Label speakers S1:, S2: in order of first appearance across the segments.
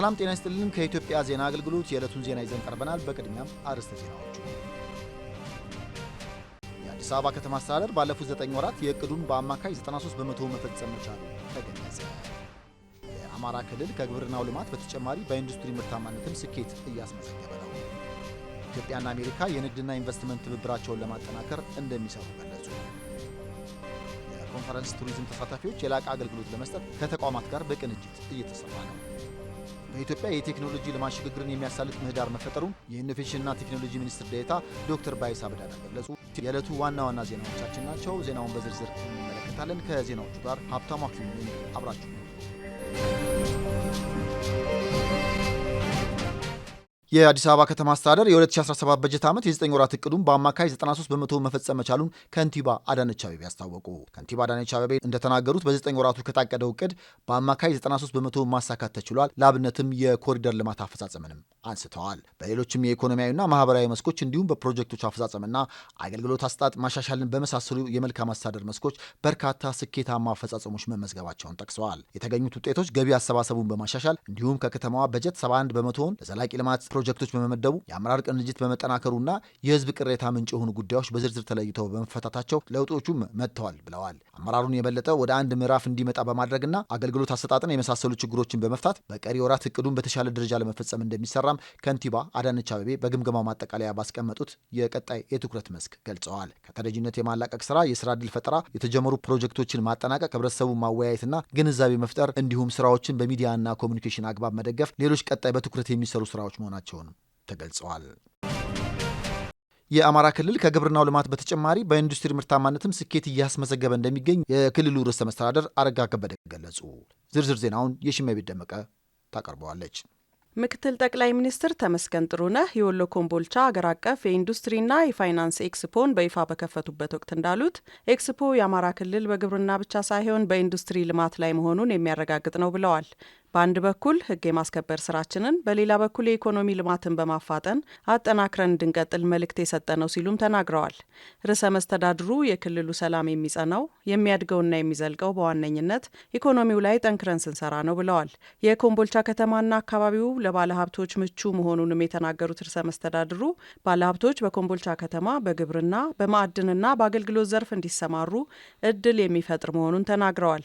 S1: ሰላም ጤና ይስጥልን። ከኢትዮጵያ ዜና አገልግሎት የዕለቱን ዜና ይዘን ቀርበናል። በቅድሚያም አርዕስተ ዜናዎቹ። የአዲስ አበባ ከተማ አስተዳደር ባለፉት 9 ወራት የእቅዱን በአማካይ 93 በመቶ መፈጸም መቻሉ ተገለጸ። የአማራ ክልል ከግብርናው ልማት በተጨማሪ በኢንዱስትሪ ምርታማነትም ስኬት እያስመዘገበ ነው። ኢትዮጵያና አሜሪካ የንግድና ኢንቨስትመንት ትብብራቸውን ለማጠናከር እንደሚሰሩ ገለጹ። የኮንፈረንስ ቱሪዝም ተሳታፊዎች የላቀ አገልግሎት ለመስጠት ከተቋማት ጋር በቅንጅት እየተሰራ ነው። በኢትዮጵያ የቴክኖሎጂ ልማት ሽግግርን የሚያሳልጥ ምህዳር መፈጠሩን የኢኖቬሽንና ቴክኖሎጂ ሚኒስትር ዴኤታ ዶክተር ባይስ አብዳ ገለጹ። የዕለቱ ዋና ዋና ዜናዎቻችን ናቸው። ዜናውን በዝርዝር እንመለከታለን። ከዜናዎቹ ጋር ሀብታሙ አክሊሉ አብራችሁ የአዲስ አበባ ከተማ አስተዳደር የ2017 በጀት ዓመት የ9 ወራት እቅዱን በአማካይ 93 በመቶ መፈጸም መቻሉን ከንቲባ አዳነች አቤቤ አስታወቁ። ከንቲባ አዳነች አቤቤ እንደተናገሩት በ9 ወራቱ ከታቀደው እቅድ በአማካይ 93 በመቶ ማሳካት ተችሏል። ለአብነትም የኮሪደር ልማት አፈጻጸምንም አንስተዋል። በሌሎችም የኢኮኖሚያዊና ማህበራዊ መስኮች እንዲሁም በፕሮጀክቶች አፈጻጸምና አገልግሎት አስጣጥ ማሻሻልን በመሳሰሉ የመልካም አስተዳደር መስኮች በርካታ ስኬታማ አፈጻጸሞች መመዝገባቸውን ጠቅሰዋል። የተገኙት ውጤቶች ገቢ አሰባሰቡን በማሻሻል እንዲሁም ከከተማዋ በጀት 71 በመቶውን ለዘላቂ ልማት ፕሮጀክቶች በመመደቡ የአመራር ቅንጅት በመጠናከሩና የህዝብ ቅሬታ ምንጭ የሆኑ ጉዳዮች በዝርዝር ተለይተው በመፈታታቸው ለውጦቹም መጥተዋል ብለዋል። አመራሩን የበለጠ ወደ አንድ ምዕራፍ እንዲመጣ በማድረግና አገልግሎት አሰጣጥን የመሳሰሉ ችግሮችን በመፍታት በቀሪ ወራት እቅዱን በተሻለ ደረጃ ለመፈጸም እንደሚሰራም ከንቲባ አዳነች አበቤ በግምገማው ማጠቃለያ ባስቀመጡት የቀጣይ የትኩረት መስክ ገልጸዋል። ከተረጂነት የማላቀቅ ስራ፣ የስራ እድል ፈጠራ፣ የተጀመሩ ፕሮጀክቶችን ማጠናቀቅ፣ ህብረተሰቡ ማወያየትና ግንዛቤ መፍጠር እንዲሁም ስራዎችን በሚዲያና ኮሚኒኬሽን አግባብ መደገፍ ሌሎች ቀጣይ በትኩረት የሚሰሩ ስራዎች መሆናቸው መሆናቸውንም ተገልጸዋል። የአማራ ክልል ከግብርናው ልማት በተጨማሪ በኢንዱስትሪ ምርታማነትም ስኬት እያስመዘገበ እንደሚገኝ የክልሉ ርዕሰ መስተዳደር አረጋ ከበደ ገለጹ። ዝርዝር ዜናውን ቤት ደመቀ ታቀርበዋለች።
S2: ምክትል ጠቅላይ ሚኒስትር ተመስገን ጥሩነህ የወሎ ኮምቦልቻ አገር አቀፍ የኢንዱስትሪና የፋይናንስ ኤክስፖን በይፋ በከፈቱበት ወቅት እንዳሉት ኤክስፖ የአማራ ክልል በግብርና ብቻ ሳይሆን በኢንዱስትሪ ልማት ላይ መሆኑን የሚያረጋግጥ ነው ብለዋል። በአንድ በኩል ህግ የማስከበር ስራችንን፣ በሌላ በኩል የኢኮኖሚ ልማትን በማፋጠን አጠናክረን እንድንቀጥል መልእክት የሰጠ ነው ሲሉም ተናግረዋል። ርዕሰ መስተዳድሩ የክልሉ ሰላም የሚጸናው የሚያድገውና የሚዘልቀው በዋነኝነት ኢኮኖሚው ላይ ጠንክረን ስንሰራ ነው ብለዋል። የኮምቦልቻ ከተማና አካባቢው ለባለሀብቶች ምቹ መሆኑንም የተናገሩት ርዕሰ መስተዳድሩ ባለሀብቶች በኮምቦልቻ ከተማ በግብርና በማዕድንና በአገልግሎት ዘርፍ እንዲሰማሩ እድል የሚፈጥር መሆኑን ተናግረዋል።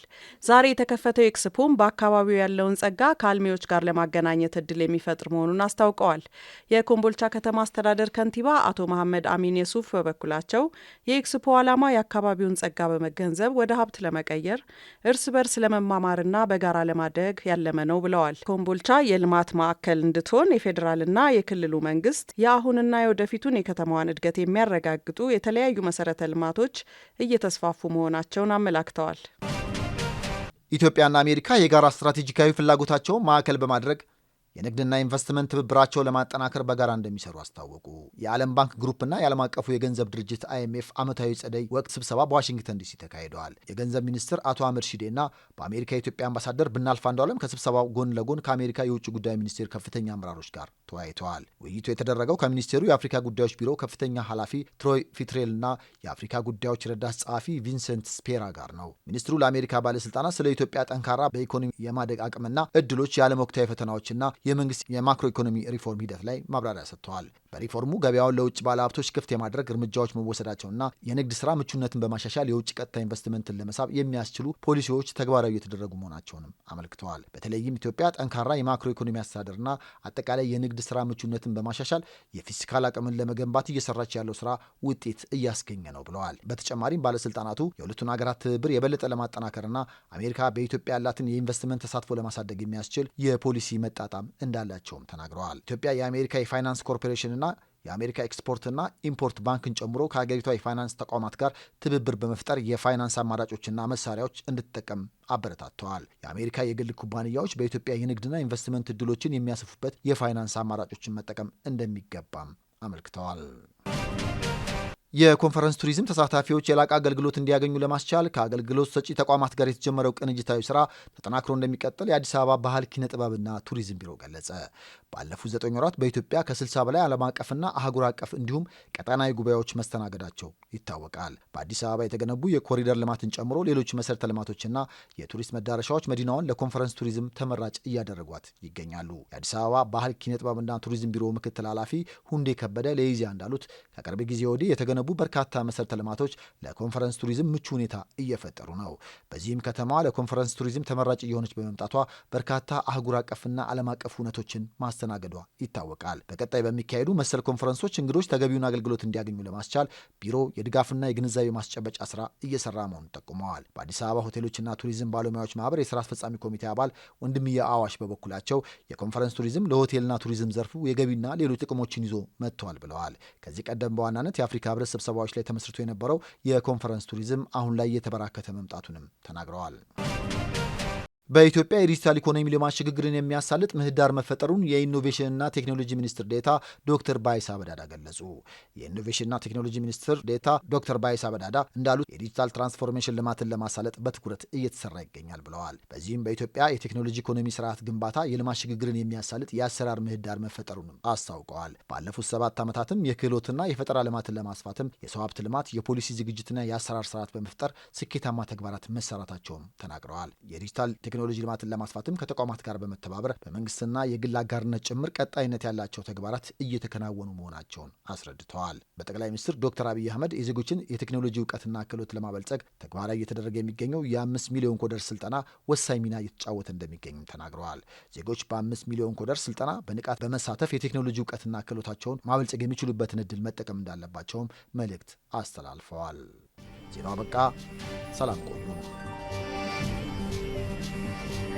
S2: ዛሬ የተከፈተው ኤክስፖም በአካባቢው ያለውን ያለውን ጸጋ ከአልሚዎች ጋር ለማገናኘት እድል የሚፈጥር መሆኑን አስታውቀዋል። የኮምቦልቻ ከተማ አስተዳደር ከንቲባ አቶ መሐመድ አሚን የሱፍ በበኩላቸው የኤክስፖ ዓላማ የአካባቢውን ጸጋ በመገንዘብ ወደ ሀብት ለመቀየር እርስ በርስ ለመማማርና በጋራ ለማደግ ያለመ ነው ብለዋል። ኮምቦልቻ የልማት ማዕከል እንድትሆን የፌዴራልና የክልሉ መንግስት የአሁንና የወደፊቱን የከተማዋን እድገት የሚያረጋግጡ የተለያዩ መሰረተ ልማቶች እየተስፋፉ መሆናቸውን አመላክተዋል።
S1: ኢትዮጵያና አሜሪካ የጋራ ስትራቴጂካዊ ፍላጎታቸውን ማዕከል በማድረግ የንግድና ኢንቨስትመንት ትብብራቸው ለማጠናከር በጋራ እንደሚሰሩ አስታወቁ። የዓለም ባንክ ግሩፕና የዓለም አቀፉ የገንዘብ ድርጅት አይኤምኤፍ ዓመታዊ ጸደይ ወቅት ስብሰባ በዋሽንግተን ዲሲ ተካሂደዋል። የገንዘብ ሚኒስትር አቶ አህመድ ሺዴና በአሜሪካ የኢትዮጵያ አምባሳደር ብናልፍ አንዱዓለም ከስብሰባው ጎን ለጎን ከአሜሪካ የውጭ ጉዳይ ሚኒስቴር ከፍተኛ አመራሮች ጋር ተወያይተዋል። ውይይቱ የተደረገው ከሚኒስቴሩ የአፍሪካ ጉዳዮች ቢሮ ከፍተኛ ኃላፊ ትሮይ ፊትሬልና የአፍሪካ ጉዳዮች ረዳት ጸሐፊ ቪንሰንት ስፔራ ጋር ነው። ሚኒስትሩ ለአሜሪካ ባለስልጣናት ስለ ኢትዮጵያ ጠንካራ በኢኮኖሚ የማደግ አቅምና እድሎች፣ የዓለም ወቅታዊ ፈተናዎችና የመንግስት የማክሮ ኢኮኖሚ ሪፎርም ሂደት ላይ ማብራሪያ ሰጥተዋል። በሪፎርሙ ገበያውን ለውጭ ባለሀብቶች ክፍት የማድረግ እርምጃዎች መወሰዳቸውና የንግድ ስራ ምቹነትን በማሻሻል የውጭ ቀጥታ ኢንቨስትመንትን ለመሳብ የሚያስችሉ ፖሊሲዎች ተግባራዊ የተደረጉ መሆናቸውንም አመልክተዋል። በተለይም ኢትዮጵያ ጠንካራ የማክሮ ኢኮኖሚ አስተዳደርና አጠቃላይ የንግድ የንግድ ስራ ምቹነትን በማሻሻል የፊስካል አቅምን ለመገንባት እየሰራች ያለው ስራ ውጤት እያስገኘ ነው ብለዋል። በተጨማሪም ባለስልጣናቱ የሁለቱን ሀገራት ትብብር የበለጠ ለማጠናከርና አሜሪካ በኢትዮጵያ ያላትን የኢንቨስትመንት ተሳትፎ ለማሳደግ የሚያስችል የፖሊሲ መጣጣም እንዳላቸውም ተናግረዋል። ኢትዮጵያ የአሜሪካ የፋይናንስ ኮርፖሬሽንና የአሜሪካ ኤክስፖርትና ኢምፖርት ባንክን ጨምሮ ከሀገሪቷ የፋይናንስ ተቋማት ጋር ትብብር በመፍጠር የፋይናንስ አማራጮችና መሳሪያዎች እንድትጠቀም አበረታተዋል። የአሜሪካ የግል ኩባንያዎች በኢትዮጵያ የንግድና ኢንቨስትመንት እድሎችን የሚያሰፉበት የፋይናንስ አማራጮችን መጠቀም እንደሚገባም አመልክተዋል። የኮንፈረንስ ቱሪዝም ተሳታፊዎች የላቀ አገልግሎት እንዲያገኙ ለማስቻል ከአገልግሎት ሰጪ ተቋማት ጋር የተጀመረው ቅንጅታዊ ስራ ተጠናክሮ እንደሚቀጥል የአዲስ አበባ ባህል ኪነ ጥበብና ቱሪዝም ቢሮ ገለጸ። ባለፉት ዘጠኝ ወራት በኢትዮጵያ ከ60 በላይ ዓለም አቀፍና አህጉር አቀፍ እንዲሁም ቀጠናዊ ጉባኤዎች መስተናገዳቸው ይታወቃል። በአዲስ አበባ የተገነቡ የኮሪደር ልማትን ጨምሮ ሌሎች መሰረተ ልማቶችና የቱሪስት መዳረሻዎች መዲናውን ለኮንፈረንስ ቱሪዝም ተመራጭ እያደረጓት ይገኛሉ። የአዲስ አበባ ባህል ኪነጥበብና ቱሪዝም ቢሮ ምክትል ኃላፊ ሁንዴ ከበደ ለኢዜአ እንዳሉት ከቅርብ ጊዜ ወዲህ የተገነቡ በርካታ መሰረተ ልማቶች ለኮንፈረንስ ቱሪዝም ምቹ ሁኔታ እየፈጠሩ ነው። በዚህም ከተማዋ ለኮንፈረንስ ቱሪዝም ተመራጭ እየሆነች በመምጣቷ በርካታ አህጉር አቀፍና ዓለም አቀፍ እውነቶችን ማስተናል ማስተናገዷ ይታወቃል። በቀጣይ በሚካሄዱ መሰል ኮንፈረንሶች እንግዶች ተገቢውን አገልግሎት እንዲያገኙ ለማስቻል ቢሮ የድጋፍና የግንዛቤ ማስጨበጫ ስራ እየሰራ መሆኑን ጠቁመዋል። በአዲስ አበባ ሆቴሎችና ቱሪዝም ባለሙያዎች ማህበር የስራ አስፈጻሚ ኮሚቴ አባል ወንድምየ አዋሽ በበኩላቸው የኮንፈረንስ ቱሪዝም ለሆቴልና ቱሪዝም ዘርፉ የገቢና ሌሎች ጥቅሞችን ይዞ መጥቷል ብለዋል። ከዚህ ቀደም በዋናነት የአፍሪካ ህብረት ስብሰባዎች ላይ ተመስርቶ የነበረው የኮንፈረንስ ቱሪዝም አሁን ላይ እየተበራከተ መምጣቱንም ተናግረዋል። በኢትዮጵያ የዲጂታል ኢኮኖሚ ልማት ሽግግርን የሚያሳልጥ ምህዳር መፈጠሩን የኢኖቬሽንና ቴክኖሎጂ ሚኒስትር ዴታ ዶክተር ባይሳ በዳዳ ገለጹ። የኢኖቬሽንና ቴክኖሎጂ ሚኒስትር ዴታ ዶክተር ባይሳ በዳዳ እንዳሉት የዲጂታል ትራንስፎርሜሽን ልማትን ለማሳለጥ በትኩረት እየተሰራ ይገኛል ብለዋል። በዚህም በኢትዮጵያ የቴክኖሎጂ ኢኮኖሚ ስርዓት ግንባታ የልማት ሽግግርን የሚያሳልጥ የአሰራር ምህዳር መፈጠሩንም አስታውቀዋል። ባለፉት ሰባት ዓመታትም የክህሎትና የፈጠራ ልማትን ለማስፋትም የሰው ሀብት ልማት፣ የፖሊሲ ዝግጅትና የአሰራር ስርዓት በመፍጠር ስኬታማ ተግባራት መሰራታቸውም ተናግረዋል። የቴክኖሎጂ ልማትን ለማስፋትም ከተቋማት ጋር በመተባበር በመንግስትና የግል አጋርነት ጭምር ቀጣይነት ያላቸው ተግባራት እየተከናወኑ መሆናቸውን አስረድተዋል። በጠቅላይ ሚኒስትር ዶክተር አብይ አህመድ የዜጎችን የቴክኖሎጂ እውቀትና ክህሎት ለማበልጸግ ተግባራዊ እየተደረገ የሚገኘው የአምስት ሚሊዮን ኮደር ስልጠና ወሳኝ ሚና እየተጫወተ እንደሚገኝም ተናግረዋል። ዜጎች በአምስት ሚሊዮን ኮደር ስልጠና በንቃት በመሳተፍ የቴክኖሎጂ እውቀትና ክህሎታቸውን ማበልጸግ የሚችሉበትን እድል መጠቀም እንዳለባቸውም መልእክት አስተላልፈዋል። ዜናው አበቃ። ሰላም ቆዩ። Thank you.